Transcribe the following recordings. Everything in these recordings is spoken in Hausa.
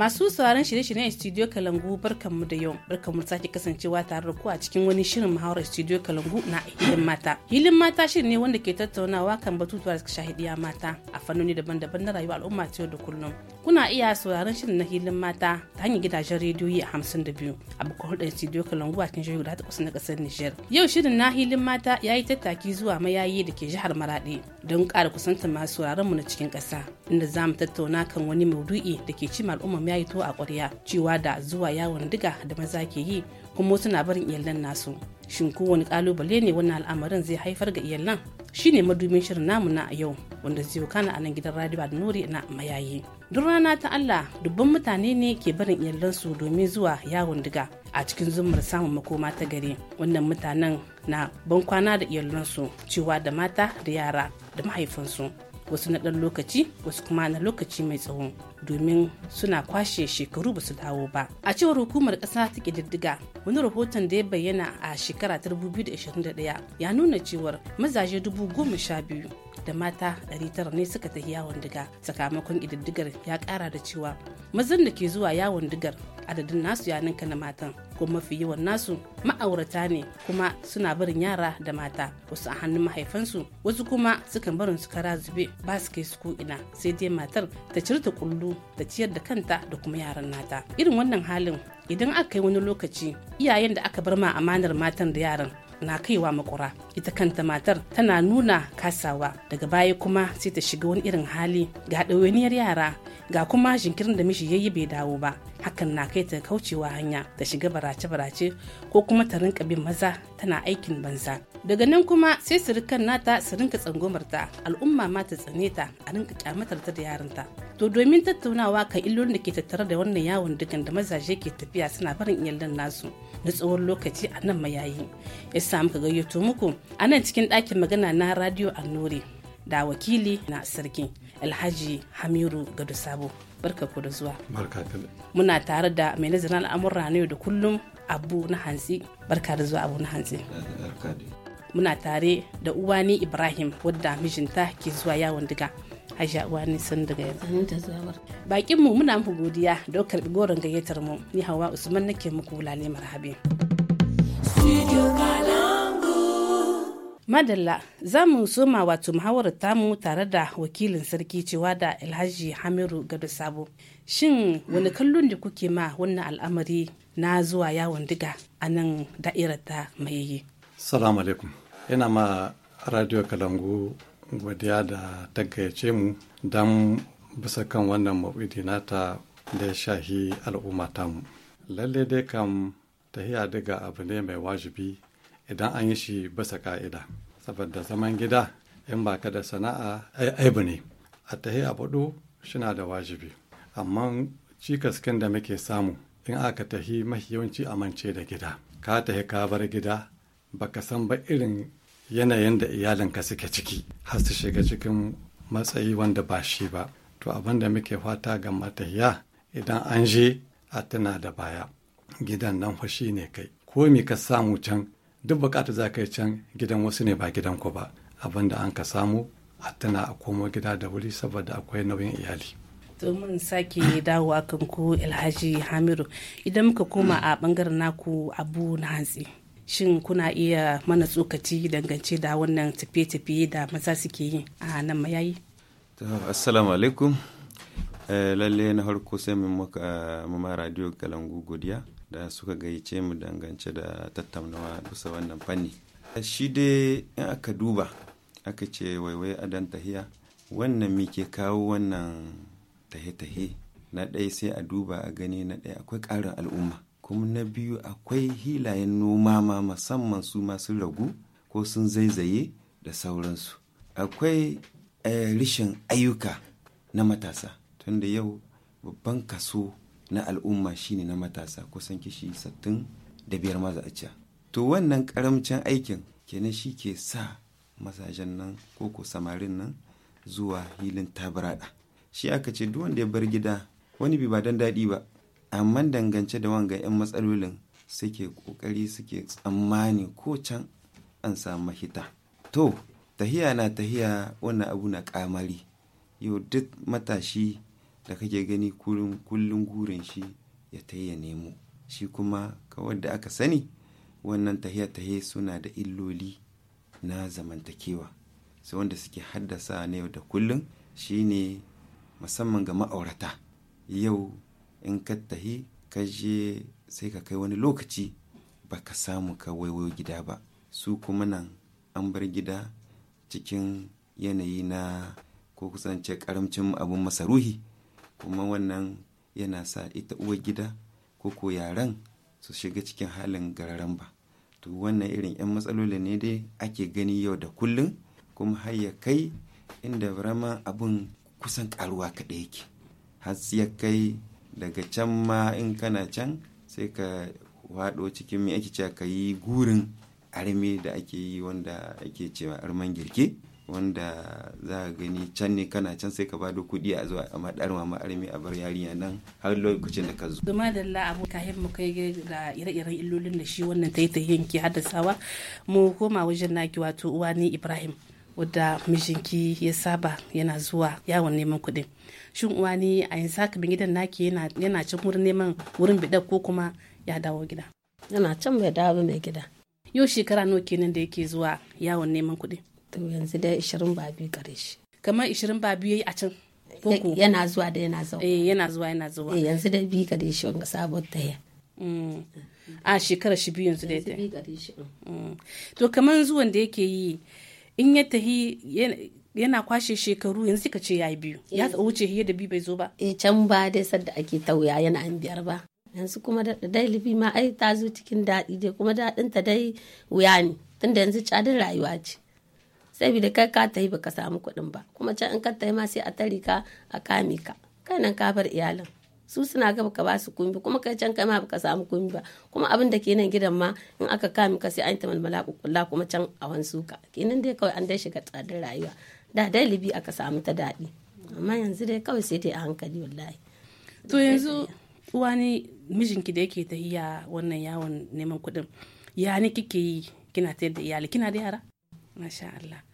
Masu sauraron shirye-shiryen Studio Kalangu barkanmu da yau, barkanmu sake kasancewa tare da ku a cikin wani shirin muhawarar Studio Kalangu na Hilin Mata. Hilin Mata shirin ne wanda ke tattaunawa kan batutuwa da suka shahidiya mata a fannoni daban-daban na rayuwa al'umma ta yau da kullum. Kuna iya sauraron shirin na Hilin Mata ta hanyar gidajen rediyoyi a hamsin da biyu a bakwai hulɗar Studio Kalangu a cikin jihohi guda kusa na kasar Nijar. Yau shirin na Hilin Mata ya yi tattaki zuwa mayayi da ke jihar Maraɗi don kara kusanta masu sauraron mu na cikin ƙasa inda za mu tattauna kan wani maudu'i da ke cimar ya yi to a ƙwarya cewa da zuwa yawon diga da maza ke yi kuma wasu na barin iyalan nasu shin kowane kalubale ne wannan al'amarin zai haifar ga iyalan ne madubin shirin namu na yau wanda zai kana a nan gidan radio da nuri na mayayi duk rana ta allah dubban mutane ne ke barin iyalansu domin zuwa yawon diga a cikin zumar samun makoma ta gari wannan mutanen na bankwana da iyalansu cewa da mata da yara da mahaifinsu wasu na ɗan lokaci wasu kuma na lokaci mai tsawo domin suna kwashe shekaru ba su dawo ba a cewar hukumar ƙasa ta ƙididdiga wani rahoton da ya bayyana a shekara ta 2021 ya nuna cewar mazaje dubu goma sha biyu da mata 900 ne suka tafi yawon diga sakamakon ididdigar ya ƙara da cewa mazan da ke zuwa yawon digar adadin nasu ya ninka na matan kuma mafi yawan nasu ma'aurata ne kuma suna barin yara da mata wasu a hannun mahaifansu wasu kuma sukan barin su kara zube ba su kai su ko'ina sai dai matar ta cirta kullu ta ciyar da kanta da kuma yaran nata irin wannan halin idan aka yi wani lokaci iyayen da aka bar ma amanar matan da yaran na kaiwa makura ita kanta matar tana nuna kasawa daga baya kuma sai ta shiga wani irin hali ga ɗawainiyar yara ga kuma jinkirin da miji yayi bai dawo ba hakan na kai ta kaucewa hanya ta shiga barace-barace ko kuma ta rinka bin maza tana aikin banza daga nan kuma sai su rikan nata su rinka tsangomarta al'umma ma ta tsane ta a rinka kyamatar ta da yaranta to domin tattaunawa kan illolin da ke tattare da wannan yawon dukan da mazaje ke tafiya suna barin iyalan nasu na tsawon lokaci a nan mayayi ya samu ka gayyato muku a nan cikin ɗakin magana na radio annore da wakili na sarki alhaji hamiru gado sabo barka ku da zuwa muna tare da mai nazarin al'amurra na yau da kullum abu na hantsi barka da zuwa abu na hantsi muna tare da uwani ibrahim wadda mijinta ke zuwa yawon diga hajiya uwani sun daga yanzu bakin mu muna muku godiya don karbi goron gayyatar mu ni hawa usman nake muku lale marhabi studio madalla za mu soma wato muhawarar tamu tare da wakilin sarki cewa da alhaji hamiru gado sabo shin wani kallon da kuke ma wannan al'amari na zuwa yawon diga a nan da'irar ta mayayi salamu alaikum ina ma radio kalangu godiya da ta gayyace mu don bisa kan wannan mau'idi nata da ya shahi al'umma tamu lalle dai kam tahiya daga abu ne mai wajibi idan an yi shi bisa ka'ida saboda zaman gida in ba ka da sana'a aibu ne a tahi a shi shina da wajibi amma cikaskin da muke samu in aka tahi mafi yawanci amince da gida ka tahi ka bar gida baka san ba irin yanayin da iyalinka suke ciki har su shiga cikin matsayi wanda ba shi ba to abin da muke fata ga matahiya idan an je a tana da baya gidan nan fashi ne kai ko me ka samu can duk bukatar za ka yi can gidan wasu ne ba gidan ku ba abinda an ka samu a tana a komo gida da wuri saboda akwai nauyin iyali mun sake dawowa kan ku alhaji hamiru idan muka koma a bangaren naku abu na hantsi shin kuna iya mana tsokaci dangance da wannan tafiye-tafiye da maza suke yi a nan mayayi assalamu alaikum eh, lalle na harko sai mu mara radio galangu godiya da suka gayyace mu dangance da tattaunawa bisa wannan fanni shi dai in aka duba aka ce waiwai adan tahiya wannan mi ke kawo wannan tahe-tahe na ɗaya sai a duba a gani na ɗaya akwai ƙarin al'umma kuma na biyu akwai hilayen noma ma musamman su masu ragu ko sun zaizaye da sauransu akwai eh, rishin ayyuka na matasa tunda yau babban kaso na al'umma shine na matasa kusan kishi sattin da biyar maza a to wannan karamcin aikin kenan shi ke sa masajen nan ko samarin nan zuwa hilin tabirada shi aka ce duk wanda ya bar gida wani bi ba don daɗi ba amma dangance da wanga 'yan matsalolin suke ƙoƙari suke tsammani ko can an samu mahita to tahiya na tahiya wannan abu na ƙamari yau duk matashi da kake gani kullum gurin shi ya ta ya nemo shi kuma kawar da aka sani wannan tahiye tahe suna da illoli na zamantakewa sai wanda suke haddasa na yau da kullum shi ne musamman ga ma'aurata yau in ka tahi ka je sai ka kai wani lokaci ba ka samu ka waiwayo gida ba su kuma nan an bar gida cikin yanayi na ko kusance karamcin abin masaruhi kuma wannan yana sa ita uwa gida ko ko yaran su shiga cikin halin gararan ba to wannan irin 'yan matsaloli ne dai ake gani yau da kullum kuma har ya kai inda rama abin kusan karuwa kaɗai yake har ya kai daga can ma in kana can sai ka waɗo cikin mai ake cewa ka yi gurin arme da ake yi wanda ake cewa arman girke wanda za a gani can ne kana can sai ka ba da kuɗi a zuwa a maɗar ma armi a bar yarinya nan har lokacin da ka zo. Zuma da la abu kayan mu kai ga ire-iren illolin da shi wannan ta yi ta yanki haddasawa mu koma wajen naki wato uwa ni Ibrahim. wadda mijinki ya saba yana zuwa yawon neman kuɗin shin uwa ni a yanzu haka bin gidan naki yana cin wurin neman wurin bidar ko kuma ya dawo gida yana can bai dawo mai gida yau shekara nawa kenan da yake zuwa yawon neman kuɗi to yanzu dai ishirin ba biyu kare shi kamar ishirin ba biyu yi a can yana zuwa da yana zuwa eh yana zuwa yana zuwa eh yanzu dai biyu kare shi wanga sabon taya mm. a shekarar shi biyu yanzu dai mm. Mm. to kamar zuwan da yake yi in ya tahi yana kwashe shekaru yanzu ka ce ya yi biyu ya wuce hiye da biyu bai zo ba eh can ba dai sadda ake tauya yana an biyar ba yanzu kuma da dalibi ma ai ta zo cikin daɗi dai kuma daɗinta dai wuya ne tunda yanzu cadin rayuwa ce saboda kai ka tafi baka samu kuɗin ba kuma can in ka tafi ma sai a tare ka a kame ka nan ka bar iyalin su suna ga baka ba su kumbi kuma kai can kai ma baka samu kumbi ba kuma abin da nan gidan ma in aka kame ka sai an ta malmala kuma can a wansu ka kenan dai kawai an dai shiga tsadar rayuwa da dai libi aka samu ta daɗi amma yanzu dai kawai sai dai a hankali wallahi to yanzu wani mijinki da yake tahiya wannan yawon neman kuɗin ya ne kike yi kina tayar da iyali kina da yara masha Allah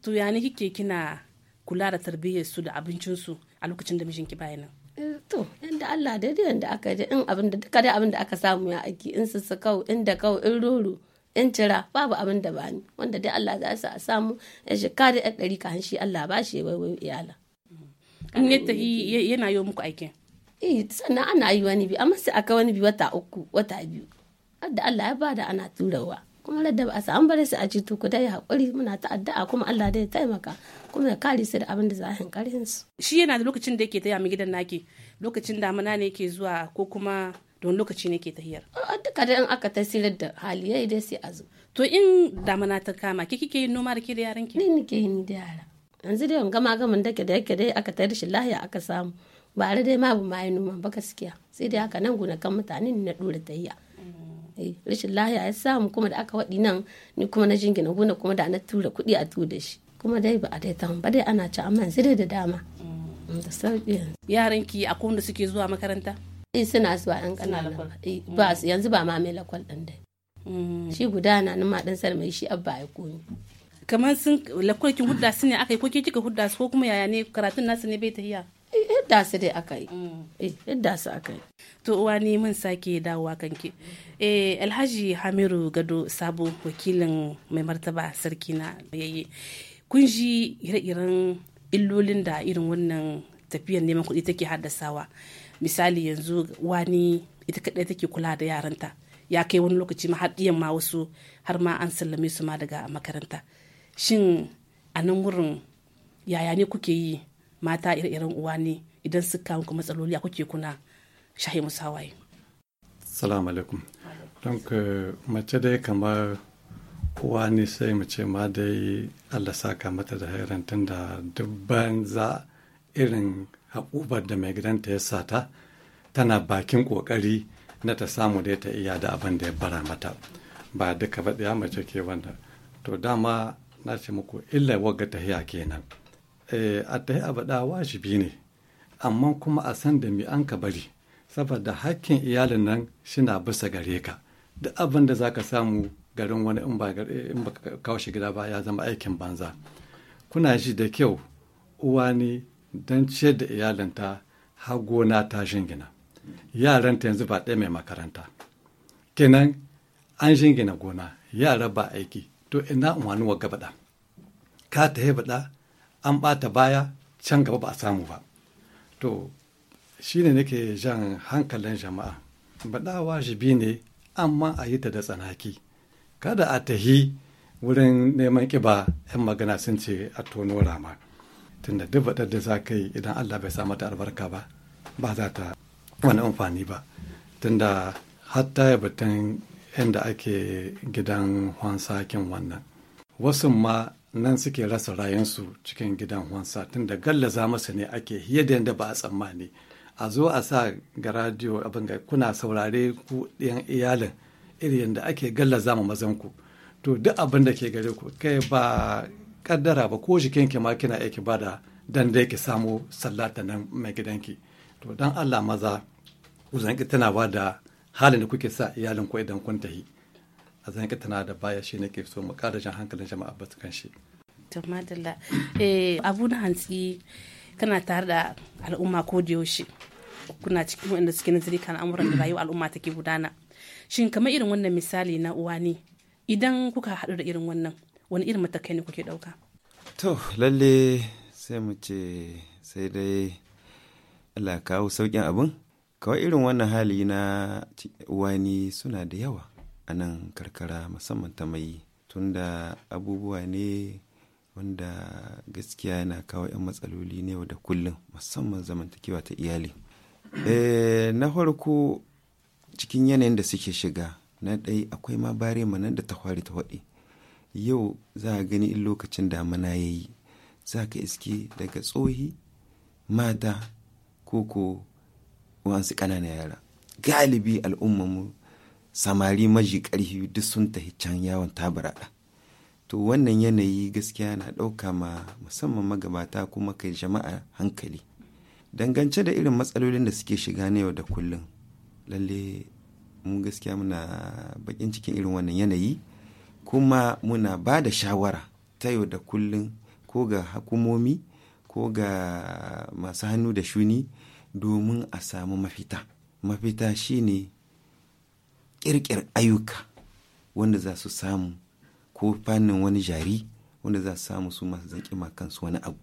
to ya ne kike kina kula da tarbiyyar su da abincin su a lokacin da mijinki baya nan eh, to yanda Allah da yanda aka ji in abin da duka dai abin da aka samu ya aiki in su su kau in da kau in roro in tira babu abin da bani wanda dai Allah za su a samu ya shika da yan ɗari kan shi Allah ba shi ya wai iyala in yadda yana yi muku aikin eh sannan ana yi wani bi amma sai aka wani bi wata uku wata biyu da Allah ya bada ana turawa kuma ladda ba a sa bare su a jitu ku dai hakuri muna ta addu'a kuma Allah dai taimaka kuma ya kare su da abin da a karhin su shi yana da lokacin da yake taya mu gidan naki lokacin damuna ne yake zuwa ko kuma don lokaci ne ke tahiyar duka da in aka tasirar da hali yayi dai sai a zo to in damuna ta kama ke kike yin noma da ke da yaran ki ni nake yin da yara yanzu dai wanga magamin da ke da yake dai aka tayar shi lahiya aka samu ba dai ma bu ma yi noma ba gaskiya sai dai haka nan kan mutane ne na dora tahiyar Eh, rashin lahiya ya samu kuma da aka waɗi nan ni kuma na jingina gona kuma da na tura kuɗi a tuda shi kuma dai ba a dai ta ba dai ana ci amma yanzu da dama mm. Mm, da sauƙi yaran ki a kowanne suke zuwa makaranta eh suna zuwa yan ƙanana eh, mm. ba yanzu ba ma mai lakwal ɗin dai shi guda na nan ma ɗan sar mai shi abba ya koyi kamar sun lakwal kin hudda su ne aka yi ko ke kika hudda su ko kuma yaya ne karatun nasu ne bai tafiya yadda su dai aka yi mm. eh, yadda su aka yi to uwa ne mun sake dawowa kanke eh alhaji hamiru gado sabo wakilin mai martaba sarki na yayi kun ji ire-iren illolin da irin wannan tafiyar neman kuɗi take haddasawa misali yanzu wani ita kaɗai take kula da yaranta ya kai wani lokaci ma har ma wasu har ma an sallame su ma daga makaranta shin a nan wurin yaya ne kuke yi mata ire-iren uwa ne idan su kawo matsaloli a kuke kuna shahi musu hawaye salamu alaikum don mace dai kamar uwa ne sai mu ce ma dai allah saka mata da hairan tun da dubban za irin haƙubar da mai gidanta ya sata tana bakin ƙoƙari na ta samu dai ta iya da abin da ya bara mata ba duka ba ɗaya mace ke wanda to dama na ce muku illa wagga haya kenan Eh, a ta abada wajibi ne amma kuma a san da mi an ka bari saboda hakkin iyalin nan shina bisa gare ka duk abin da za ka samu garin wani in ba eh, kawo shi gida ba ya zama aikin banza kuna shi da kyau uwa ne don ciyar da iyalinta har gona ta shingina ta yanzu ba ɗaya mai makaranta kenan an shingina gona yara ba aiki to ina in wani wa gabaɗa ka ta yi baɗa an ɓata baya can gaba ba a samu ba to shine nake jan hankalin jama'a baɗa wajibi ne amma a yi ta da tsanaki kada a tahi wurin neman ƙiba 'yan magana sun ce a tono rama tunda duk baɗar da za ka yi idan allah bai samu ta albarka ba ba za ta wani amfani ba tunda hatta ya batun inda ake gidan kwansakin wannan wasu ma nan suke rasa rayansu cikin gidan Wansa tun da gallaza masa ne ake hiye da yadda ba a tsammani. A zo a sa ga radio abin ga kuna saurare ku ɗiyan iyalin iri yadda ake gallaza ma mazanku. To duk abin da ke gare ku kai ba kaddara ba ko kinki ma kina aiki ba da dan da yake samo sallata nan mai gidanki. To dan Allah maza ku zanki tana ba da halin da kuke sa iyalin ku idan kun tahi. a zan tana da baya shi ne ke so mu ƙara jan hankalin jama'a ba kan shi. to madalla eh abu na hantsi kana tare da al'umma ko da yaushe kuna cikin wanda suke nazari kan al'amuran da rayuwar al'umma take gudana shin kamar irin wannan misali na uwa ne idan kuka haɗu da irin wannan wani irin matakai ne kuke ɗauka to lalle sai mu ce sai dai Allah kawo sauƙin abin kawai irin wannan hali na uwani suna da yawa a nan karkara musamman ta mai tunda abubuwa ne wanda gaskiya yana kawo 'yan matsaloli ne da kullum musamman zamantakewa ta iyali eh, na farko cikin yanayin da suke shiga na ɗai akwai ma bare nan da ta hwari ta waɗe yau za a gani in lokacin damuna ya yi za ka iske daga tsohi mata koko wasu ƙananan yara galibi al'ummanmu samari maji ƙarfi duk sun tafi can yawon tabura to wannan yanayi gaskiya na ɗauka ma musamman magabata kuma kai jama'a hankali dangance da irin matsalolin da suke shiga na yau da kullum lalle mu gaskiya muna bakin cikin irin wannan yanayi kuma muna ba da shawara ta yau da kullum ko ga hukumomi ko ga masu hannu da shuni domin a samu mafita mafita shine ƙirƙir ayyuka wanda za su samu ko fannin wani jari wanda za su samu su masu zaki kansu wani abu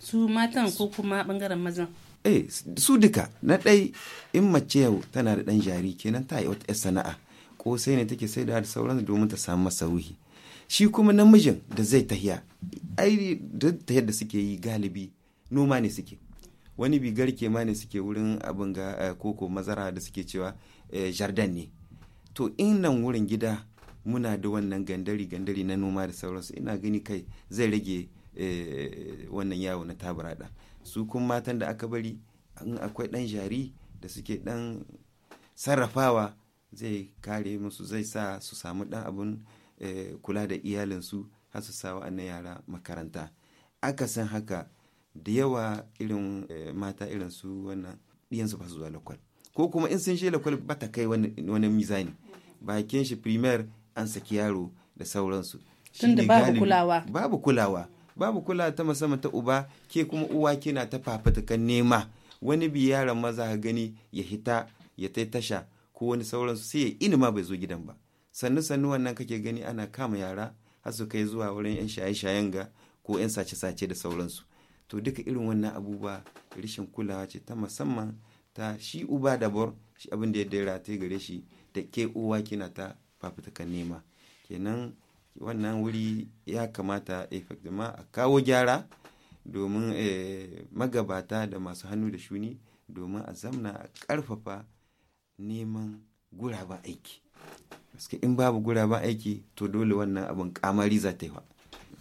su matan ko kuma ɓangaren mazan eh su duka na ɗai in mace yau tana da ɗan jari kenan ta yi wata sana'a ko sai ne take sai da sauran domin ta samu wuhi shi kuma namijin da zai tahiya ai da tahiyar da suke yi galibi noma ne suke wani bigar ke ma ne suke wurin abin ga eh, koko mazara da suke cewa eh, jardin ne to in nan wurin gida muna da wannan gandari gandari na noma da sauransu ina gani kai zai rage eh, wannan yawo na tabarada su kuma matan da aka bari in akwai dan jari da suke dan sarrafawa zai kare musu zai sa su samu dan abun eh, kula da iyalinsu har su sa wa'annan yara makaranta aka san haka da yawa irin eh, mata irin su wannan ɗiyansu ba su zuwa lakwal ko kuma in sun je lakwal ba ta kai wani mizani bakin shi primer an saki yaro da sauransu tunda babu kulawa babu kulawa babu kulawa ta musamman ta uba ke kuma uwa kina ta fafatakan nema wani bi yaron maza gani ya hita ya tai tasha ko wani sauransu sai ya ini ma bai zo gidan ba sannu sannu wannan kake gani ana kama yara har su kai zuwa wurin yan shaye-shayen ga ko yan sace-sace da sauransu to duka irin wannan abubuwa rashin kulawa ce ta musamman ta shi uba dabar shi abin da ya dai rataye gare shi da ke uwa kina ta fafutukan nema kenan wannan wuri ya kamata eh, ma a kawo gyara domin eh, magabata da masu hannu da shuni domin a zamna a ƙarfafa neman guraben aiki in babu guraben aiki to dole wannan abin kamari za ta yi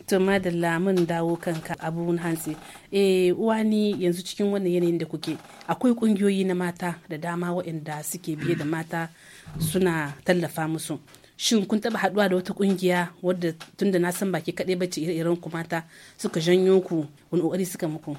to madalla mun dawo kanka abun hansi eh ni yanzu cikin wannan yanayin da kuke akwai kungiyoyi na mata da dama waɗanda suke biye da mata suna tallafa musu shin kun taba haduwa da wata kungiya wadda tunda na san baki kaɗai bace irin ku mata suka janyo ku wani kokari suka muku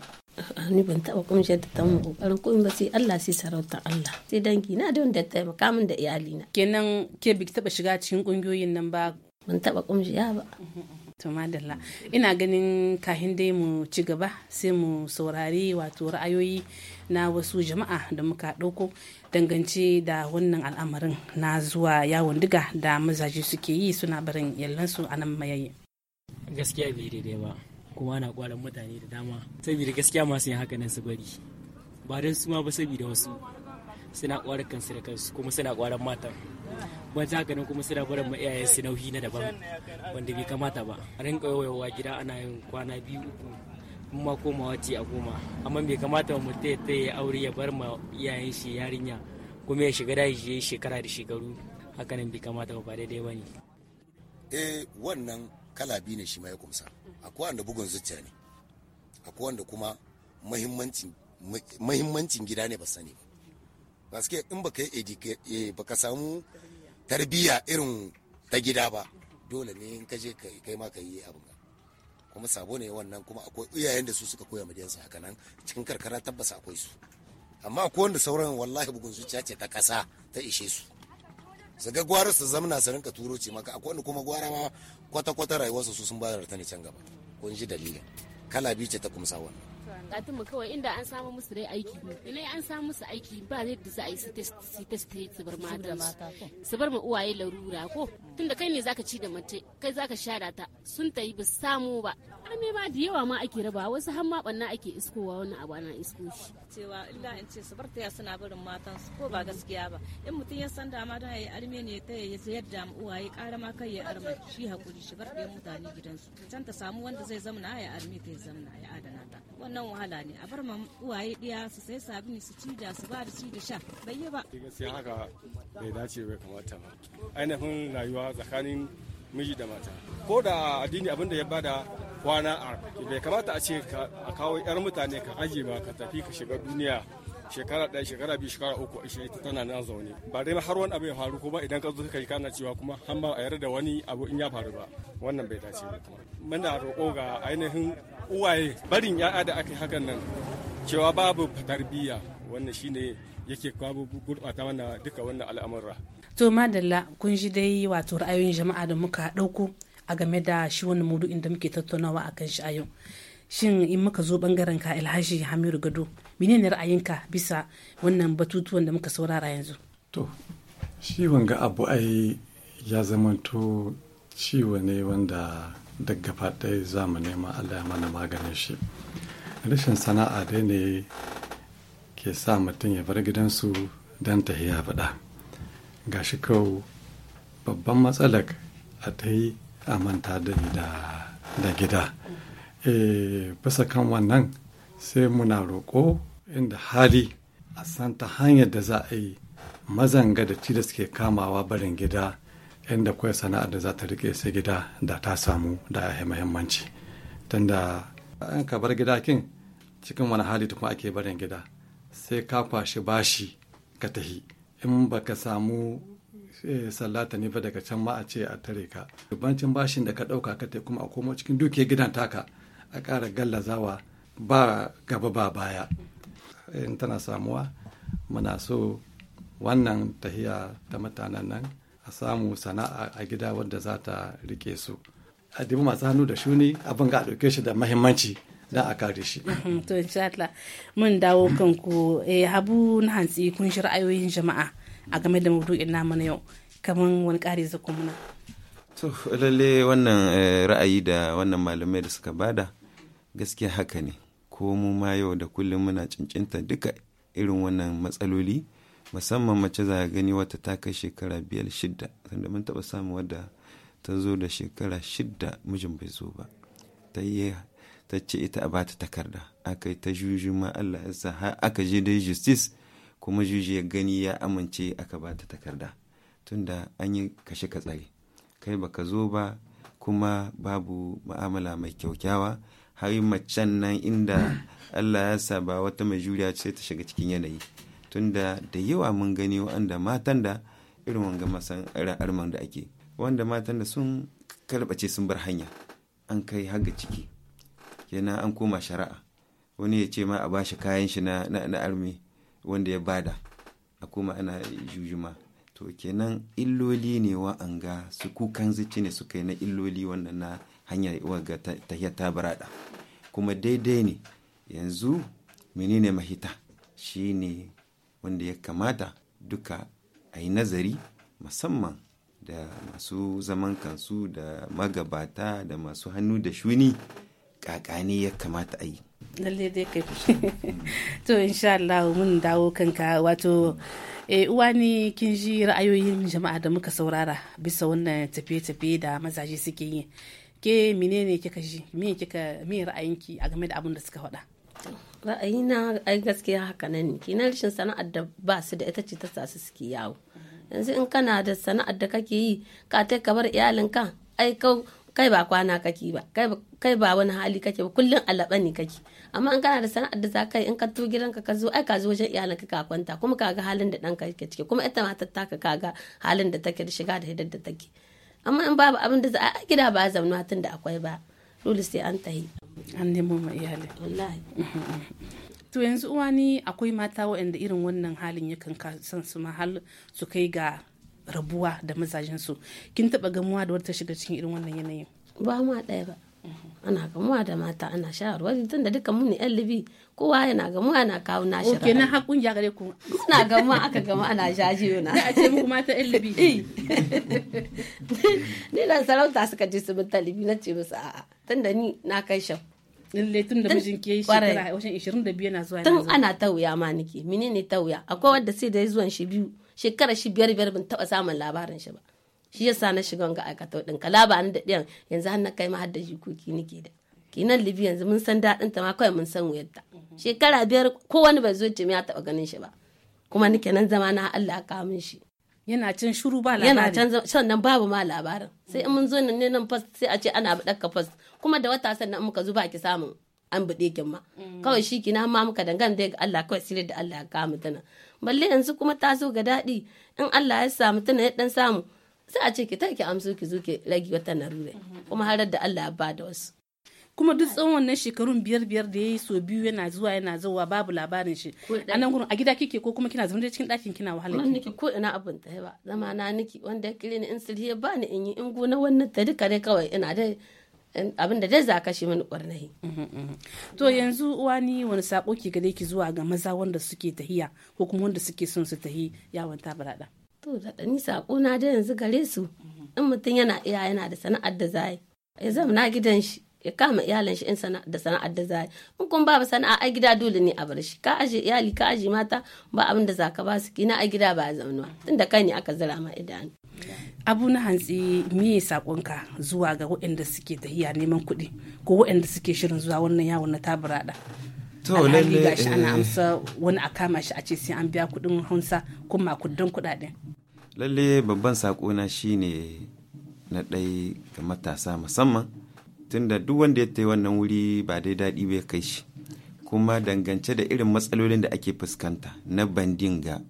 ni ban taba kungiyar da ta mu kokarin kun ba sai Allah sai sarauta Allah sai dangi na da wanda ta taimaka min da iyalina kenan ke biki taba shiga cikin kungiyoyin nan ba ban taba kungiya ba mhm. To madalla ina ganin kahin dai mu ci gaba sai mu saurari wato ra'ayoyi na wasu jama'a da muka ɗauko dangance da wannan al'amarin na zuwa yawon diga da mazaje suke yi suna barin yallansu a nan mayayi. Gaskiya bai daidai ba kuma na kwaran mutane da dama saboda gaskiya masu yin haka nan su bari ba don su ma ba saboda wasu suna kwarar kansu da kansu kuma suna kwarar matan wajen za ganin kuma suna barin ma su nauyi na daban wanda bai kamata ba a rinka yawayawa gida ana yin kwana biyu uku kuma komawa ce a goma amma bai kamata ba mutum ta yi aure ya bar ma iyayen shi yarinya kuma ya shiga daji ya shekara da shekaru hakanan bai kamata ba daidai ba ne. eh wannan kala biyu ne shi ma ya kumsa akwai wanda bugun zuciya ne akwai wanda kuma mahimmancin gida ne ba sani ba gaske in baka yi eh, baka samu tarbiyya irin ta gida ba dole ne in ka je kai ma ka yi abin kuma sabo ne wannan kuma akwai iyayen da su suka koya madiyansu haka nan cikin karkara tabbas akwai su amma akwai wanda sauran wallahi bugun zuciya ce ta kasa ta ishe su su ga gwara su zamna su rinka turo ce maka akwai wanda kuma gwara ma kwata-kwata rayuwarsa su sun bayar ta ne can gaba kun ji dalilin kala biyu ce ta kumsa wannan gatun mu kawai inda an samu musu dai aiki ne an samu musu aiki ba zai da za a yi su test su bar mata su bar ma uwaye larura ko tunda kai ne zaka ci da mace kai zaka shada ta sun ta yi ba samu ba arme ba da yawa ma ake raba wasu har ma banna ake iskowa wannan abu ana isko shi cewa illa in ce su bar ta suna barin matan su ko ba gaskiya ba in mutum ya san dama don yayi arme ne ta ya sayar da uwaye karama kai ya arme shi hakuri shi bar da mutane gidansu can ta samu wanda zai zamana ya arme ta ya zamana ya adana ta wannan wahala ne a bar ma uwaye ɗiya su sai sabini su ci da su ba da ci da sha bai yi ba gaskiya haka bai dace bai kamata ba ainihin rayuwa tsakanin miji da mata ko da addini abinda ya bada kwana a bai kamata a ce a kawo yar mutane ka aje ba ka tafi ka shiga duniya shekara ɗaya shekara biyu shekara uku ishe ita tana nan zaune ba dai har wani abu ya faru kuma idan ka zo kai kana cewa kuma hamma a yarda da wani abu in ya faru ba wannan bai dace ba muna roƙo ga ainihin uwaye barin ya'ya da aka yi hakan nan cewa babu tarbiyya wannan shine yake kwabo gurɓata wannan duka wannan al'amura to madalla kun ji dai wato ra'ayoyin jama'a da muka ɗauko a game da shi wannan mudu inda muke tattaunawa a kan shi a yau shin in muka zo bangaren ka alhaji hamiru gado menene ra'ayinka bisa wannan batutuwan da muka saurara yanzu to shi wanga abu ai ya zamanto ciwo ne wanda duk gaba ɗaya za mu nema allah ya mana maganin shi rashin sana'a dai ne ke sa mutum ya bar gidansu don ta ya faɗa ga shi kawo babban matsalar a ta yi a manta da gida eh, bisa kan wannan sai muna roƙo inda hali a santa hanyar da za a yi mazanga da ci da suke kamawa barin gida inda kawai sana'ar da za ta rike sai gida da ta samu da ya muhimmanci tunda an ka bar gida kin cikin wani hali kuma ake barin gida sai ka kwashi bashi ka tahi in ba ka samu eh, sallata ne ba daga can ma a ce a tare ka bancin bashin da ka ɗauka ka tai kuma a koma cikin duke gidan taka a ƙara zawa ba gaba ba baya in tana samuwa muna so wannan tahiya ta mutanen nan a samu sana'a a gida wadda za ta rike su a dubu masu hannu da shuni abin ga a ɗauke shi da mahimmanci don a kare shi. to insha Allah mun dawo kanku eh, habu na hantsi kun shi ra'ayoyin jama'a a game da maudu'in namu na yau kamar wani ƙari za ku muna. to lalle wannan eh, ra'ayi da wannan malamai da suka bada gaskiya haka ne ko mu ma yau da kullum muna cincinta duka irin wannan matsaloli musamman mace za a gani wata ta kai shekara biyar shidda sanda mun taba samun wadda ta zo da shekara shidda mijin bai zo ba ta yi ta ce ita a bata takarda aka yi ta juju ma Allah ya sa har aka je da justice kuma juji ya gani ya amince aka bata takarda tunda an yi kashe katsari kai baka zo ba kuma babu ma'amala mai kyaukyawa har macen nan inda Allah ya sa ba wata mai juriya ce ta shiga cikin yanayi tunda da yawa mun gani waɗanda matan da irin wanga masan ra'arman da ake wanda matan da sun karɓace sun bar hanya an kai haga ciki kenan an koma shari'a wani ya ce ma a bashi kayan shi na armi wanda ya bada a koma ana jujuma to kenan illoli ne wa an ga su kukan zici ne suka yi na illoli wannan na hanyar waga tahiyar ta barada kuma daidai ne yanzu menene mahita shine wanda ya kamata duka a yi nazari musamman da masu zaman kansu da magabata da masu hannu da shuni kakani ya kamata a yi lalle dai kai to insha Allah mun dawo kanka wato e, uwa ne kin ji ra'ayoyin jama'a da muka saurara bisa wannan tafiye-tafiye da mazaje suke yi ke menene kika ji me kika me ra'ayinki a game da abin da suka faɗa na ai gaskiya haka nan ne kina rashin sana'ar da ba su da ita ce ta sa su suke yawo yanzu in kana da sana'ar da kake yi ka ta ka bar iyalinka ai kai ba kwana kake ba kai ba wani hali kake ba kullum alaɓa ne kake amma in kana da sana'ar da za ka yi in ka to gidanka ka zo ai ka zo wajen iyalinka ka kwanta kuma ka ga halin da ɗanka yake ciki kuma ita matar taka ka ga halin da take da shiga da hidar da take amma in babu abin da za a gida ba zaunuwa tun da akwai ba dole sai an tahi an nemo ma iyali mm-hmm. to yanzu uwa ni akwai mata waɗanda irin wannan halin yakan san su ma hal su kai ga rabuwa da mazajensu kin taɓa gamuwa da wata shiga cikin irin wannan yanayin ba ma ɗaya ba ana gamuwa da mata ana shawarwa tun da dukkan muni yan libi kowa yana gamuwa yana kawo na shi ok na hakun ya gare ku suna gamuwa aka gama ana shaji yana a ce muku mata yan libi eh. ni nan sarauta suka ji su mutan talibi na ce musu a'a tun da ni na kai shan lalle tun da mijin ke shekara wajen biyu na zuwa tun ana wuya ma nake menene wuya akwai wanda sai da zuwan shi biyu shekara shi biyar biyar ban taba samun labarin shi ba shi ya sa na shiga ga aikatau din kalaba an da ɗiyan yanzu hannun na kai ma har da jikoki nake da kinan libi yanzu mun san daɗin ta ma kawai mun san wuyarta shekara biyar ko wani bai zo jimi ya taɓa ganin shi ba kuma nake nan zama na Allah ya min shi yana can shuru ba labarin yana can sannan babu ma labarin sai in mun zo nan ne nan fas sai a ce ana buɗar ka fas kuma da wata sannan muka zuba ki samun an buɗe kin ma mm. kawai shi kina ma muka dangana da ga Allah kawai sirri da Allah ya kawo mutuna balle yanzu kuma ta zo ga daɗi in Allah ya sa mutuna ya dan samu sai a ce ki ta ki amso ki zo ki rage wata narure mhm. kuma harar da Allah ya ba da wasu kuma duk tsawon wannan shekarun biyar biyar da ya yi so biyu yana zuwa yana zuwa babu labarin shi a nan gurin a gida kike ko kuma kina zama cikin ɗakin kina wahala ki nake ko ina abin ta ba zama na niki wanda ya kire ni in sirri ba ni in yi in gona wannan ta duka dai kawai ina dai abin da dai za kashe mini ƙwarnahi. Mhm, mhm. to yanzu wani wani sako ke gare ki zuwa ga maza wanda suke tahiya ko kuma wanda suke son su tahi yawon tabarada. to da ni sako na da yanzu gare su in mutum yana iya yana da sana'ar da zai ya zama gidan shi ya kama iyalan shi in da sana'ar da zai in kun babu sana'a a gida dole ne a bar shi ka aje iyali ka aje mata ba abin da zaka ba su kina a gida ba zaunuwa tunda kai ne aka zira ma idanu abu na hantsi miye sakonka zuwa ga waɗanda suke tahiya neman kuɗi ko waɗanda suke shirin zuwa wannan yawon na taburada alhali ga shi ana eh. amsa wani a kama shi a ce an biya kuɗin hunsa kuma kudin kuɗaɗen lalle babban na shine na ɗai ga matasa musamman tunda duk wanda ya tayi wannan wuri ba dai daɗi bai kai shi kuma dangance da irin matsalolin da ake fuskanta na bandinga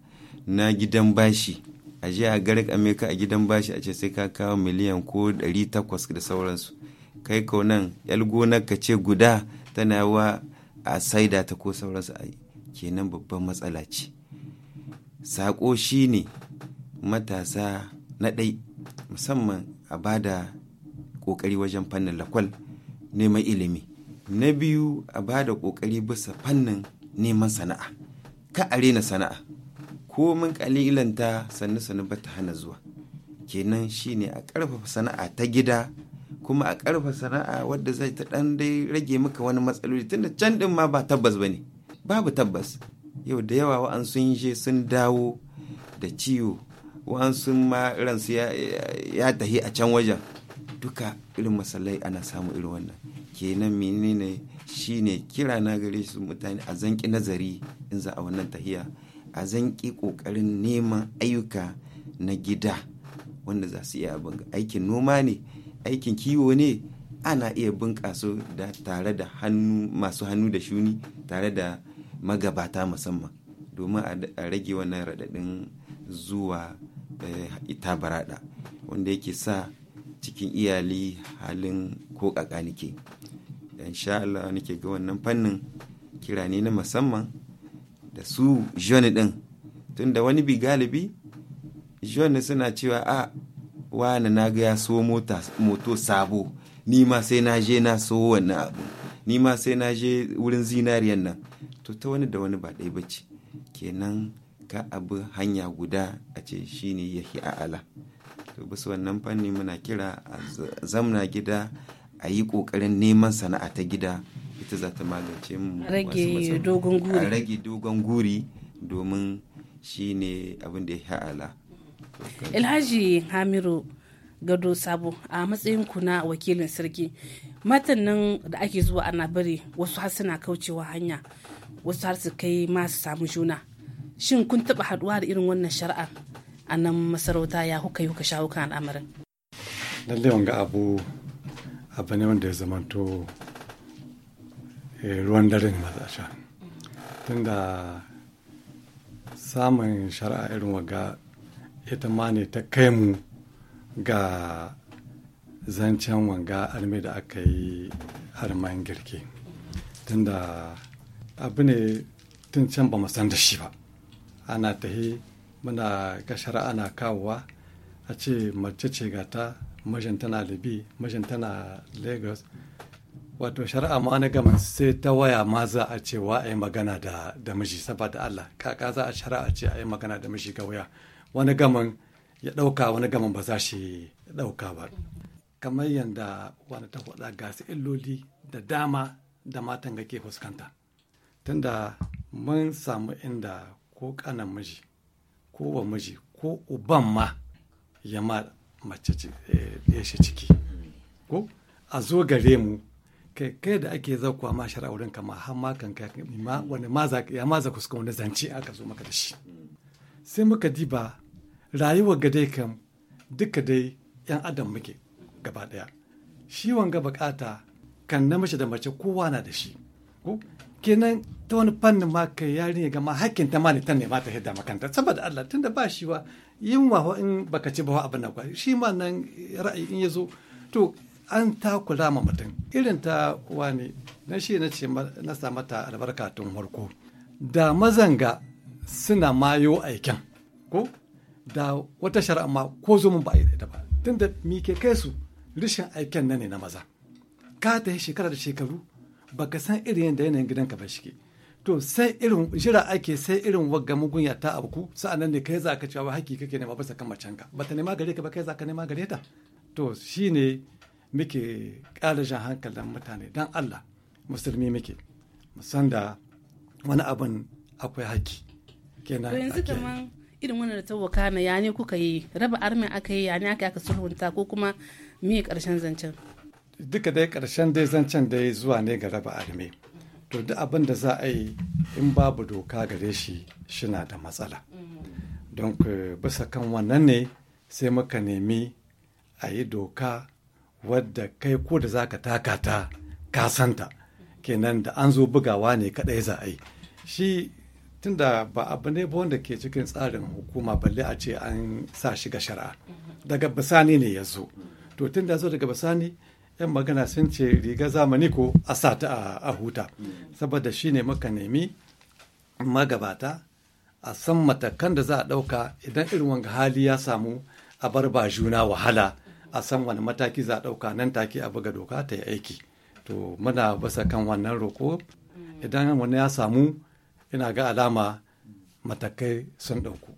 na gidan bashi a je a garik amerika a gidan bashi a ce sai ka kawo miliyan ko ɗari takwas da sauransu kai kaunan yalgo na ka ce guda tana wa a saida ta ko sauransu a kenan babban matsala ce saƙo shi ne matasa na ɗai musamman a ba da ƙoƙari wajen fannin lakwal neman ilimi na biyu a ba da ƙoƙari bisa fannin neman sana'a ka a rena sana'a ko mun ƙalilanta sannu sannu ba ta hana zuwa kenan shi ne a ƙarfafa sana'a ta gida kuma a karfa sana'a wadda zai ta ɗan dai rage maka wani matsaloli tunda can din ma ba tabbas ba ne babu tabbas yau da yawa wa'an sun je sun dawo da ciwo wa'an sun ma ransu ya tahi a can wajen duka irin masalai ana samu irin wannan kenan menene shine kira na gare su mutane a zanki nazari in za a wannan tahiya a zanki kokarin neman ayyuka na gida wanda za su iya aikin noma ne aikin kiwo ne ana iya bunƙasa da tare da hannu masu hannu da shuni tare da magabata musamman domin a rage wannan raɗaɗin zuwa eh, ita barada wanda yake sa cikin iyali halin ko ƙaƙa nike insha Allah nake ga wannan fannin kira ne na musamman da su joni ɗin tunda wani bi galibi joni suna cewa a ah, wani na ga ya so moto sabo ni ma sai na je na so wani abu ni ma sai na je wurin zinariyan nan to ta wani da wani ba ɗaya ba ce kenan ka abu hanya guda a ce shine yahi ala to bisa wannan fanni muna kira a zamna gida a yi ƙoƙarin neman sana'a ta gida ita za ta magance mu rage dogon guri domin shi ne abin da ya ala Ilhaji Hamiru Gado Sabo a matsayin ku na wakilin sarki matan nan da ake zuwa ana bari wasu har suna kaucewa hanya wasu har su kai ma su samu juna shin kun taba haduwa da irin wannan shari'a a nan masarauta ya kuka yi kuka shawo kan al'amarin lallai wanga abu abu ne wanda ya zamanto eh, ruwan dare ne masu tunda samun shari'a irin wanga ita ma ne ta kai mu ga zancen wanga arme da aka yi arman girki tunda abu ne tun can ba san da shi ba ana tahi muna gashar ana kawowa a ce mace ce ga ta mashin tana libi mashin tana lagos wato shari'a ma na gama sai ta waya ma za a ce wa a yi magana da miji saboda allah kaka za a shari'a ce a yi magana da miji ga waya wani gaman ya ɗauka wani gaman ba za shi ɗauka ba kamar yadda wani ta faɗa ga su illoli da dama da matan ga ke fuskanta tunda mun samu inda ko kanan miji ko wa miji ko uban ma ya ma mace eh, ya shi ciki ko a zo gare mu kai kai da ake zakuwa ma shara'urin kama har ma kan kai ma wani ma za ya ma za wani zance aka zo maka da shi sai muka diba rayuwar ga dai duka dai 'yan adam muke gaba daya shi wanga bukata kan na da mace kowa na da shi kenan ta wani fannin ma kai yarinya ga gama hakkin ta ma ne ta nema ta hidda makanta saboda Allah tunda ba shi wa yin wa in baka ci ba abin nan shi ma nan ra'ayi in yazo to an ta kula ma mutum irin ta wani na shi na ce na sa mata albarka tun farko da mazanga suna mayo aikin ko da wata shari'a ma ko zo mun ba a yi da ba tunda mi ke kai su rishin aikin nan ne na maza ka ta yi shekara da shekaru baka san irin yadda yanayin gidanka ba shi to sai irin jira ake sai irin wagga mugunya ta sa'a sa'annan ne kai za ka cewa ka kake nema bisa kan macenka ba ta nema gare ka ba kai za ka nema gare ta to ne muke ƙara jan hankalin mutane dan Allah musulmi muke musan da wani abin akwai haƙi kenan yanzu kaman irin wannan da ta wakana ya ne kuka yi raba armin aka yi ya ne aka aka sulhunta ko kuma me karshen zancen duka dai karshen dai zancen dai zuwa ne ga raba arme to duk abin da za a yi in babu doka gare shi shina da matsala don bisa kan wannan ne sai muka nemi a yi doka wadda kai ko da za ka taka ta kasanta kenan da an zo bugawa ne kadai za a yi shi tunda ba abu ne ba wanda ke cikin tsarin hukuma balle a ce an sa shi ga shari'a daga bisani ne ya zo to tun da zo daga bisani yan magana sun ce riga zamani ko a sa ta a huta saboda shi ne maka nemi magabata a san matakan da za a ɗauka idan irin wanga hali ya samu a bar ba juna wahala a san wani mataki za a ɗauka nan take a buga doka ta yi aiki to muna basa kan wannan roko idan wani ya samu ina ga alama matakai sun ɗauku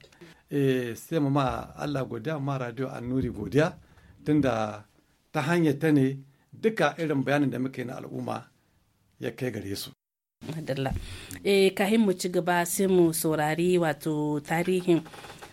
e, sai mu ma allah godiya ma radio annuri godiya tunda ta hanyar ta ne duka irin bayanin da muke na al'umma ya kai gare su madalla e, kahin mu ci gaba sai mu saurari wato tarihin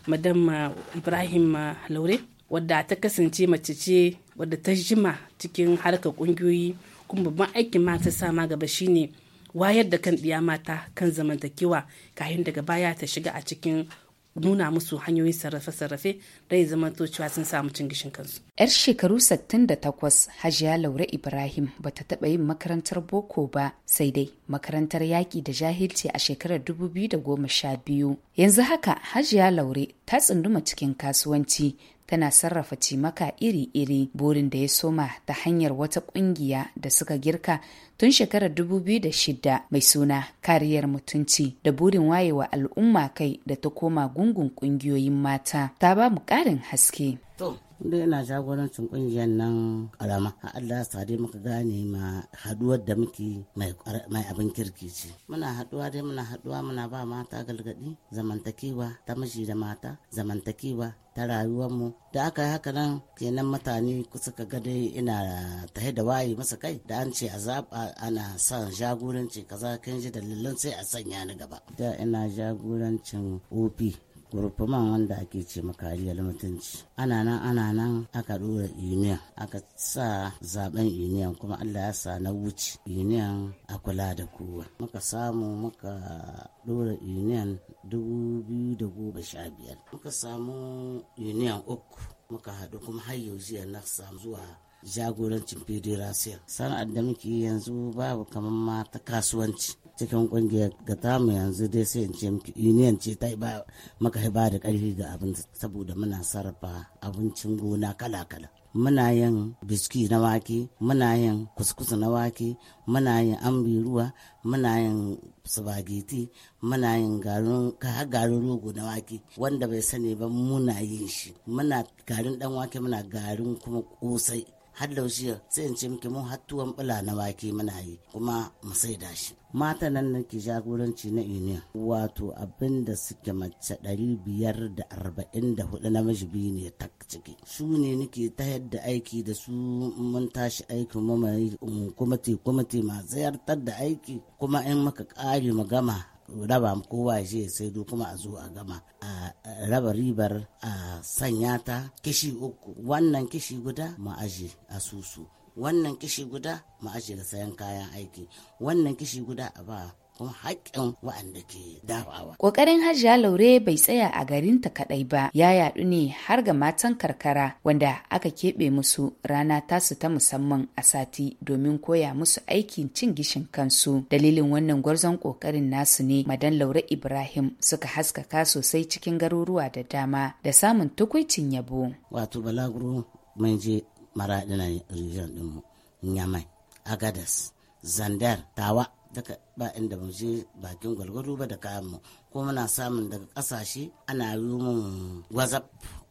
madam eh, ibrahim laure wadda ta kasance mace ce wadda ta jima cikin harkar ƙungiyoyi kuma babban aikin ma ta sama gaba shine wayar da kan ɗiya mata kan zamantakewa kayan daga baya ta shiga a cikin nuna musu hanyoyin sarrafe-sarrafe don ya zama sun samu cin gishin kansu. Yar shekaru 68 Hajiya Laura Ibrahim ba ta taɓa yin makarantar boko ba sai dai makarantar yaƙi da jahilci a shekarar 2012. Yanzu haka Hajiya Laure ta tsunduma cikin kasuwanci tana sarrafa cimaka iri-iri burin da ya soma ta hanyar wata kungiya da suka girka tun shekarar 2006 mai suna kariyar mutunci da burin wayewa al'umma kai da ta koma gungun kungiyoyin mata ta ba mu ƙarin haske. inda ina jagorancin kungiyar nan karama a Allah sa dai muka gane ma haduwar da muke mai abin kirki ce muna haduwa dai muna haduwa muna ba mata galgadi zamantakewa ta miji da mata zamantakewa ta rayuwar mu. da aka yi haka nan kenan mutane suka ga dai ina ta da waye masa kai da an ce a zaɓa ana son jagorancin kaza kan ji dalilin sai a sanya ni gaba da ina jagorancin op man wanda ake ce kariyar mutunci ana nan ana nan aka dora union aka sa zaben union kuma allah ya sa na wuce union a kula da kowa muka samu muka dora union biyar. muka samu union uku muka haɗu kuma har yanzu na samu zuwa jagorancin federasiya sana'ar da muke yanzu babu kamar ma ta kasuwanci cikin kungiyar ga mu yanzu dai sai in ce miki union ce ta ba maka ba da karfi ga abin saboda muna sarrafa abincin gona kala-kala muna yin biski na wake muna yin kuskus na wake muna yin ambi ruwa muna yin spaghetti muna yin garin garin rogo na wake wanda bai sani ba muna yin shi muna garin dan wake muna garin kuma kosai har laushiya sai in ce miki mun hattuwan bula na wake muna yi kuma mu sai da shi mata nan nake jagoranci na union wato abin da suke mace ɗari biyar da arba'in da hudu na biyu ne ta ciki su ne nake ta yadda aiki da su mun tashi aikin mu kuma te kuma te ma ziyartar da aiki kuma in muka ƙari mu gama raba kowa je sai do kuma a zo a gama a raba ribar a sanya ta kishi uku wannan kishi guda mu a asusu wannan kishi guda ma da sayan kayan aiki wannan kishi guda a ba kuma haƙƙin waɗanda ke dawawa. Ƙoƙarin Hajiya Laure bai tsaya a garinta kaɗai ba, ya yaɗu ne har ga matan karkara wanda aka keɓe musu rana tasu ta musamman a sati domin koya musu aikin cin gishin kansu. Dalilin wannan gwarzon ƙoƙarin nasu ne Madan Laure Ibrahim suka haskaka sosai cikin garuruwa da dama da samun tukwicin yabo. Wato balaguro mun je maraɗi na region ɗinmu, Nyamai, Agadas, Zandar, Tawa, ba inda mu je bakin gwalgwado ba da kayan mu ko muna samun daga kasashe ana yi mun wazaf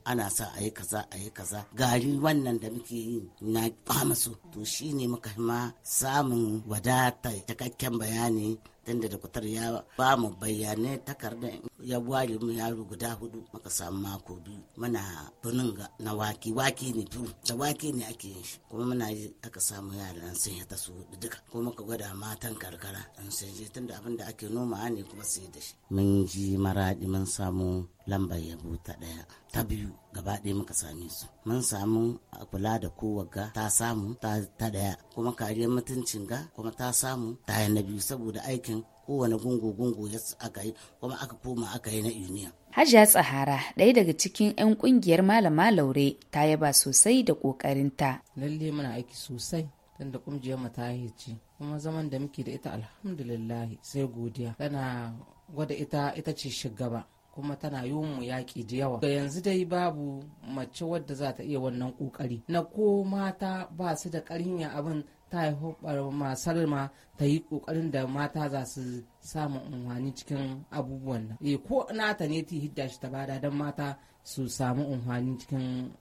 ana sa a yi kaza a yi kaza gari wannan da muke yi na kwamasu to shine muka ma samun wadata cikakken bayani tunda da kutar ya ba mu bayyane takardar ya ware mu yaro guda hudu muka samu mako biyu muna bunin na waki waki ne biyu da waki ne ake yin shi kuma muna yi aka samu yaran sun ya ta su hudu duka kuma muka gwada matan karkara an sun je da abin da ake noma ne kuma sai da shi mun ji maradi mun samu lambar yabo ta ɗaya ta biyu gaba ɗaya muka same su mun samu kula da kowaga ta samu ta ɗaya kuma kariyar mutuncin ga kuma ta samu ta na biyu saboda aikin kowane gungu-gungu ya aka yi kuma aka koma aka yi na union. Hajiya Tsahara ɗaya daga cikin 'yan ƙungiyar malama laure ta yaba sosai da ƙoƙarinta. Lalle muna aiki sosai tun da ƙungiyar mu ta ce kuma zaman da muke da ita alhamdulillah sai godiya tana gwada ita ita ce shugaba kuma tana yiwon mu yaƙi da yawa ga yanzu dai babu mace wadda za ta iya wannan ƙoƙari na ko mata ba su da ƙarin abin ta haifar masar ma ta yi ƙoƙarin da mata za su samu unhwani cikin abubuwan nan e ko nata ne ta hidda shi ta bada don mata su samu unhwani cikin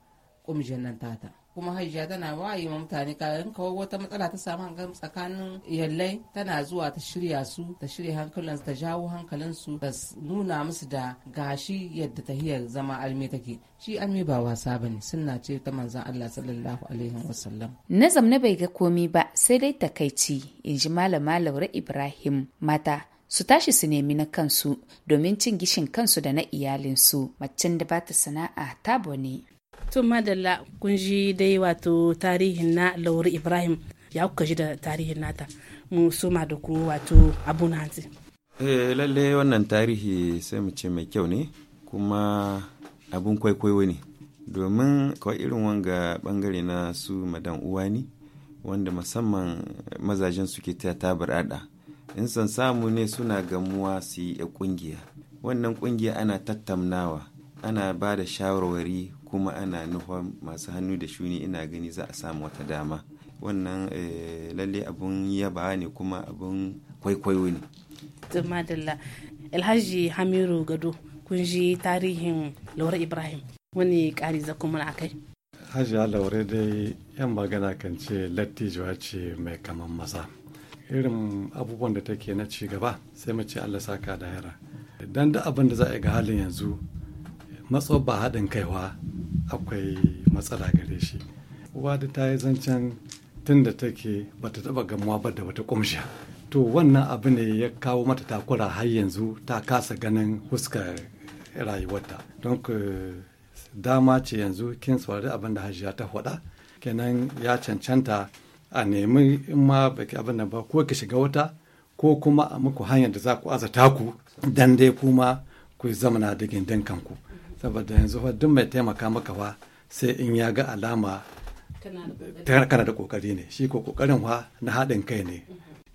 ƙumshin nan tata kuma hajiya tana waye ma mutane kayan kawo wata matsala ta samu tsakanin yallai tana zuwa ta shirya su ta shirya hankalinsu ta jawo hankalinsu ta nuna musu da gashi yadda ta hiyar zama almi take shi almi ba wasa ba ne sunna ce ta manzan Allah sallallahu alaihi wasallam nazam na bai ga komi ba sai dai takaici in ji malama Laura Ibrahim mata su tashi su nemi na kansu domin cin gishin kansu da na iyalinsu macen da ba ta sana'a ta ne wato madalla kun ji dai wato tarihin na lauri ibrahim ya kuka ji da tarihin nata mu suma da ku wato abu na hanzi eh, lalle wannan tarihi sai mu ce mai kyau ne kuma abun kwaikwayo ne domin kawai irin wanga bangare na su madan ne wanda musamman mazajen suke ta ada in san samu ne suna gamuwa su yi kungiya wannan kungiya ana tattaunawa ana ba da shawarwari kuma ana nufar masu hannu da shuni ina gani za a samu wata dama wannan eh, lalle abun yaba ne kuma abun kwaikwayo ne alhaji hamiru gado kun ji tarihin laura ibrahim wani kari za kuma a kai hajiya laure dai yan magana kan ce lattijuwa ce mai kaman maza irin abubuwan da take na ci gaba sai mace allah saka da yara dan da abin da za a ga halin yanzu matso haɗin kaiwa akwai matsala gare shi uwa da ta yi zancen tun da take ba ta taɓa gamuwa ba da wata ƙumsha to wannan abu ne ya kawo mata takura har yanzu ta kasa ganin huskar rayuwarta don dama ce yanzu kin saurari abin da hajiya ta faɗa kenan ya cancanta a nemi in ma baki abin da ba ko ki shiga wata ko kuma a muku hanyar da za ku azata ku dan dai kuma ku zamana da gindin kanku saboda yanzu fa duk mai taimaka maka fa sai in ya ga alama kana da kokari ne shi ko kokarin fa na haɗin kai ne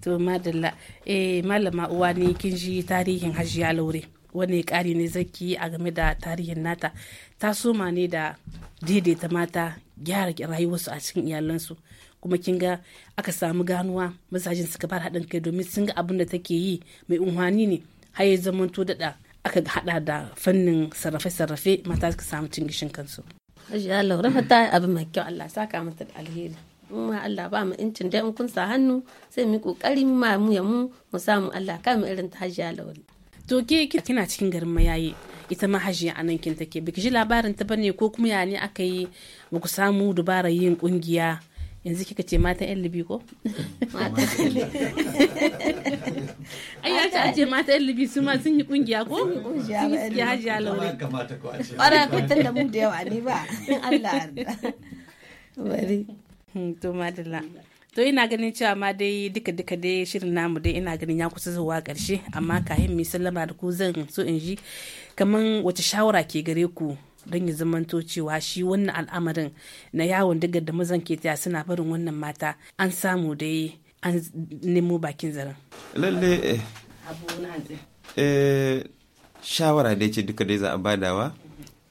to madalla eh malama uwa ne kin ji tarihin hajiya laure wani ƙari ne zaki a game da tarihin nata ta soma ne da daidaita mata gyara rayuwarsu a cikin iyalansu kuma kin ga aka samu ganuwa mazajen suka bar haɗin kai domin sun ga abin da take yi mai unhwani ne har ya zamanto daɗa aka hada da fannin sarrafe-sarrafe mata suka samu cin gishin kansu Hajiya Laura ta abu mai kyau Allah saka mata da alheri ma Allah ba mu incin dai in kun sa hannu sai mu kokari mu ma mu ya mu mu samu Allah ka mu irin ta Hajiya Laura to ke kina cikin garin mayaye ita ma hajiya anan kin take biki ji labarin ta bane ko kuma ya ne aka yi ba samu dubara yin kungiya yanzu kika ce matan yan libi ko ai ya ce a ce matan yan libi su ma sun yi kungiya ko sun yi ya laure ƙwara kuntun da mu da yawa ne ba in allah bari hmm, to madalla to ina ganin cewa ma dai duka duka dai shirin namu dai ina ganin ya kusa zuwa karshe amma kahin mai sallama da ku zan so in ji kamar wace shawara ke gare ku don ya zamanto cewa shi wannan al'amarin na yawon daga da mazan ke taya suna barin wannan mata an samu da an nemo bakin zaren. lalle eh. eh, shawara da ce duka dai za a badawa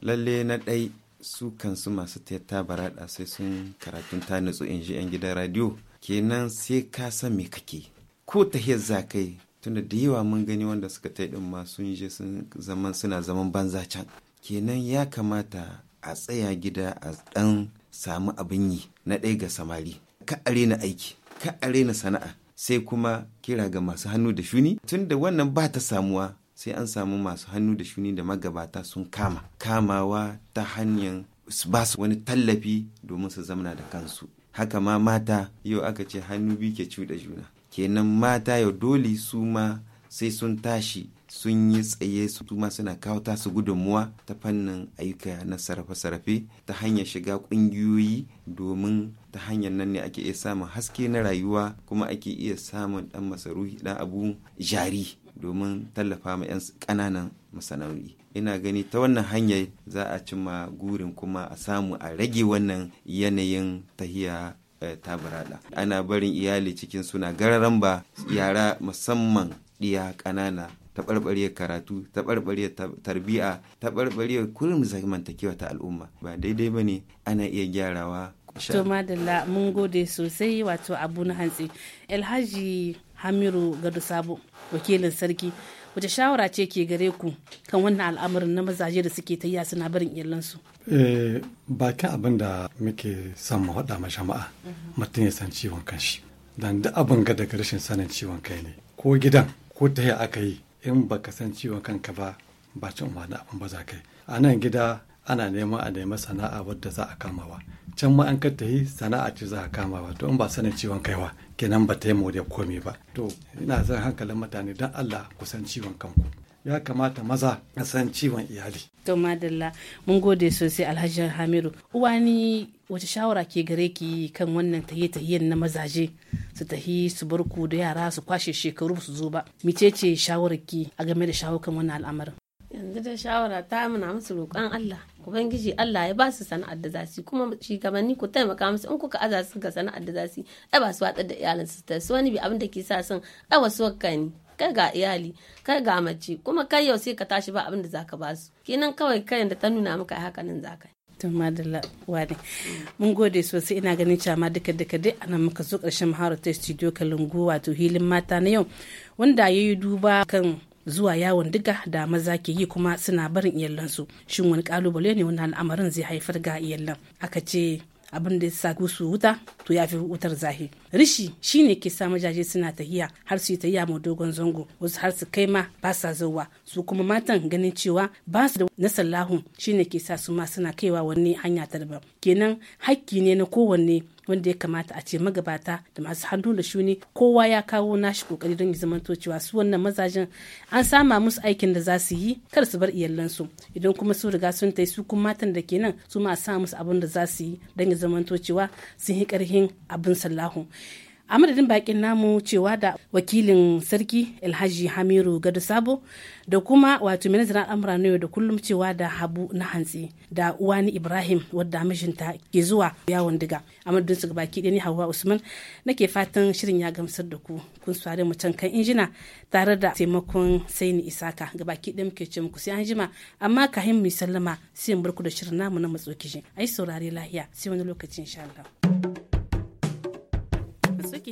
lalle na ɗai su kansu masu ta barada sai sun karatun ta nutsu in ji 'yan gidan radiyo kenan sai ka san me kake ko ta za kai tunda da yawa mun gani wanda suka ta din ma sun je sun zaman suna zaman banza can kenan ya kamata a tsaya gida a ɗan samu abin yi na ɗaya ga samari ka a aiki ka a sana'a sai kuma kira ga masu hannu da shuni tunda wannan ba ta samuwa sai an samu masu hannu da shuni da magabata sun kama kamawa ta hanyar ba su wani tallafi domin su zamana da kansu haka ma mata yau aka ce hannu biyu ke cuɗa juna kenan mata yau dole su ma sai sun tashi sun yi tsaye su kuma suna kawo tasu gudunmuwa ta fannin ayyuka na sarrafe-sarrafe ta hanyar shiga ƙungiyoyi domin ta hanyar nan ne ake iya samun haske na rayuwa kuma ake iya samun ɗan masarufi ɗan abu jari domin tallafa ma 'yan ƙananan masana'o'i ina gani ta wannan hanyar za a cimma gurin kuma a samu a rage wannan yanayin tahiya eh, ta burada ana barin iyali cikin suna gararan yara musamman ɗiya ƙanana taɓarɓarewar karatu taɓarɓarewar tarbiya taɓarɓarewar kullum zamantakewa ta al'umma ba daidai ba ne ana iya gyarawa to madalla mun gode sosai wato abu na hantsi alhaji hamiru gado sabo wakilin sarki wace shawara ce ke gare ku kan wannan al'amarin na mazaje da suke tayya suna barin iyalansu eh, bakin abin da muke son mu haɗa ma jama'a mhm. mutum ya san ciwon kanshi dan duk abin ga daga rashin sanin ciwon kai ne ko gidan ko ta aka yi in ba ka san ciwon kanka ba ba cin wani abin ba za kai a nan gida ana nema a nemi sana'a wadda za a kamawa can ma an ka yi sana'a ce za a kamawa to in ba sanin ciwon kaiwa kenan ba ta yi da komai ba to ina son hankalin mutane don allah ku san ciwon kanku ya kamata maza a san ciwon iyali. To madalla mun gode sosai Alhaji Hamidu. Uwa ni wace shawara ke gare ki kan wannan tahiye-tahiyen na mazaje su tahi su bar ku da yara su kwashe shekaru su zo ba. Micece shawarar ki a game da shawo kan wannan al'amarin? Yanzu da shawara ta muna musu roƙon Allah. Ubangiji Allah ya ba su sana'ar da za su kuma shugabanni ku taimaka musu in kuka aza su ga sana'ar da za su ai ba su watsar da iyalansu ta su wani bi abin da ke sa sun ai wasu wakka kai ga iyali kai ga mace kuma kai yau sai ka tashi ba abin da zaka ba su kenan kawai kai da ta nuna maka haka nan zaka Tun madalla wani mun gode sosai ina ganin ma duka duka dai ana muka zo karshen maharar ta studio kalungu wato hilin mata na yau wanda ya yi duba kan zuwa yawon diga da maza ke yi kuma suna barin iyallansu shin wani kalubale ne wani al'amarin zai haifar ga iyallan aka ce abin da sa su wuta to ya fi wutar zahi rishi shine ke sa majaje suna tahiya har su yi tahiya mai dogon zango wasu har su kai ma ba sa zuwa su kuma matan ganin cewa ba su da na lahun shine ke sa su ma suna kaiwa wani hanya ta daban kenan hakki ne na kowanne wanda ya kamata a ce magabata da masu hannu da shuni kowa ya kawo nashi kokari don ya zamanto cewa su wannan mazajen an sama musu aikin da za su yi kar su bar iyalansu idan kuma su riga sun tai su kuma matan da kenan su ma a sa musu abun da za su yi don ya zamanto cewa sun yi karhin abin sallahu a madadin bakin namu cewa da wakilin sarki alhaji hamiru gado sabo da kuma wato ministan al'amura na yau da kullum cewa da habu na hantsi da uwani ibrahim wadda mijinta ke zuwa yawon diga a madadin su gabaki ɗani hawa usman nake fatan shirin ya gamsar da ku kun sware mu can kan injina tare da taimakon saini isaka ga baki ɗaya muke ce muku sai an jima amma kahin mu sallama sai mu barku da shirin namu na matso ai saurare lahiya sai wani lokacin insha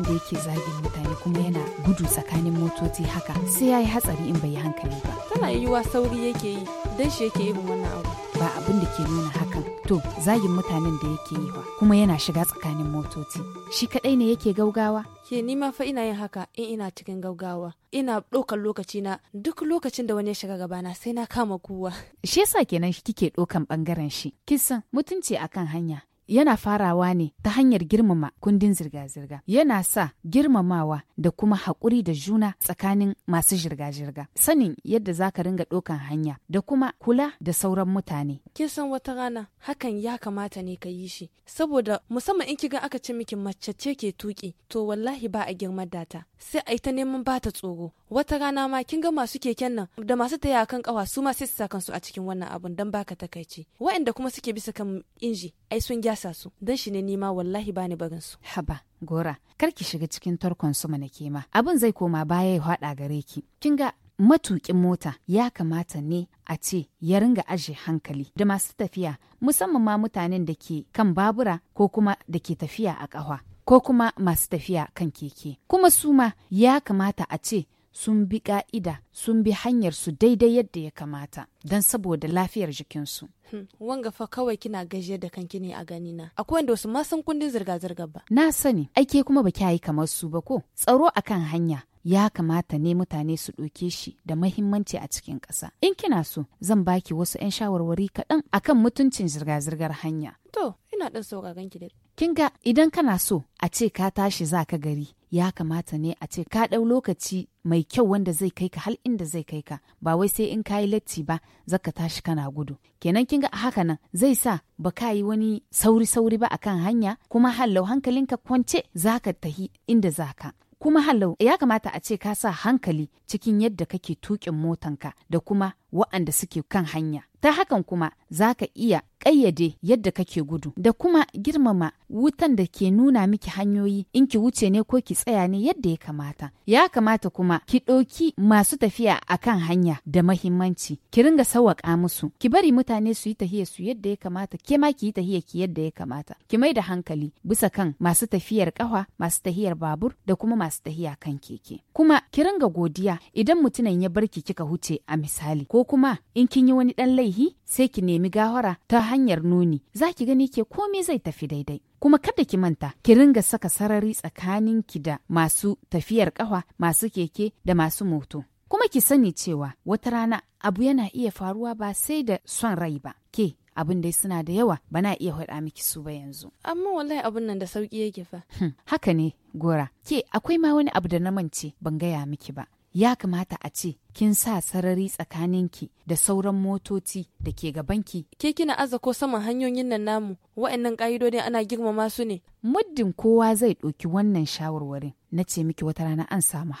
da yake zagin mutane kuma yana gudu tsakanin motoci haka sai ya yi hatsari in bai yi hankali ba tana yiwuwa sauri yake yi dan shi yake irin wannan abu ba abin da ke nuna hakan to zagin mutanen da yake yi ba kuma yana shiga tsakanin motoci shi kadai ne yake gaugawa ke ni ma fa ina yin haka in ina cikin gaugawa ina ɗaukar lokaci na duk lokacin da wani ya shiga gabana sai na kama kowa. Shi yasa kenan kike ɗaukan bangaren shi. Kisan mutunci akan hanya yana farawa ne ta hanyar girmama kundin zirga-zirga. Yana sa girmamawa da kuma haƙuri da juna tsakanin masu zirga-zirga. Sanin yadda za ka ringa ɗaukan hanya da kuma kula da sauran mutane. Kin san wata rana hakan ya kamata ne ka yi shi. Saboda musamman in kiga aka ce miki mace ke tuki to wallahi ba a girmar data. Sai a yi ta neman ba ta tsoro. Wata rana ma kin ga masu keken nan da masu taya kan kawa su ma sai su sa kansu a cikin wannan abun don baka takaici. Waɗanda kuma suke bisa kan inji ai sun gyara yasa su dan shi ne nima wallahi bani barin su haba gora kar ki shiga cikin tarkon su mana kima. abin zai koma baya ya hada gare ki kin ga matukin mota ya kamata ne a ce ya ringa aje hankali da masu tafiya musamman ma mutanen da ke kan babura ko kuma da ke tafiya a ƙawa ko kuma masu tafiya kan keke kuma suma ya kamata a ce sun bi ka'ida sun bi hanyar su daidai yadda ya kamata don saboda lafiyar jikinsu. Hmm. Wanga fa kawai kina gajiyar da kanki ne a gani na. Akwai wanda wasu ma kundin zirga-zirga ba. Na sani, aike kuma ba kya kamar su ba ko? Tsaro akan hanya ya kamata ne mutane su ɗauke shi da mahimmanci a cikin ƙasa. In kina so, zan baki wasu 'yan shawarwari kaɗan akan mutuncin zirga-zirgar hanya. To, ina ɗan sauraron ki da. Kin ga idan kana so a ce ka tashi za ka gari, ya kamata ne a ce ka ɗau lokaci mai kyau wanda zai kai ka hal inda zai kai ka ba wai sai in kayi latti ba zaka tashi kana gudu kenan kinga a haka nan zai sa ba ka yi wani sauri sauri ba akan hanya kuma hallau hankalinka kwance zaka tahi inda zaka kuma hallau ya kamata a ce ka sa hankali cikin yadda kake tukin motanka da kuma wa'anda suke kan hanya ta hakan kuma zaka iya kayyade yadda kake gudu da kuma girmama wutan da ke nuna miki hanyoyi in ki wuce ne ko ki tsaya ne yadda ya kamata. Ya kamata kuma ki ɗauki masu tafiya a kan hanya da mahimmanci, ki ringa sawaƙa musu, ki bari mutane su yi tahiya su yadda ya kamata, ke ma ki yi tahiya ki yadda ya kamata. Ki mai da hankali bisa kan masu tafiyar ƙafa, masu tahiyar babur da kuma masu tahiya kan keke. Kuma ki ringa godiya idan mutumin ya barki kika huce a misali ko kuma in kin yi wani ɗan laihi sai ki nemi gawara ta hanyar nuni za ki gani ke komai zai tafi daidai kuma kada ki manta ki ringa saka sarari tsakanin ki da masu tafiyar kawa masu keke da masu moto kuma ki sani cewa wata rana abu yana iya faruwa ba sai da son rai ba ke abin dai suna da yawa bana iya faɗa miki su ba yanzu. Amma wallahi abin nan da sauƙi yake fa. Hm, haka ne, Gora. Ke akwai ma wani abu da na mance ban gaya miki ba. ya kamata a ce kin sa sarari tsakaninki da sauran motoci da ke gabanki. Ke kina aza ko saman hanyoyin nan namu, wa'annan ƙa'idodin ana girmama su ne. Muddin kowa zai ɗauki wannan shawarwarin, na ce miki wata rana an samu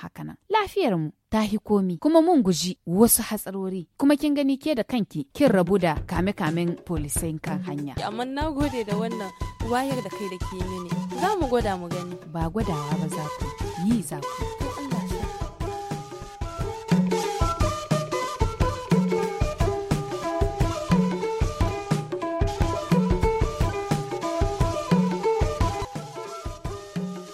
Lafiyar mu ta hi komi, kuma mun guji wasu hatsarori, kuma kin gani ke da kanki kin rabu da kame-kamen polisain kan hanya. Amma na gode da wannan wayar da kai da ke mini, za mu gwada mu gani. Ba gwadawa ba za ku, yi za ku.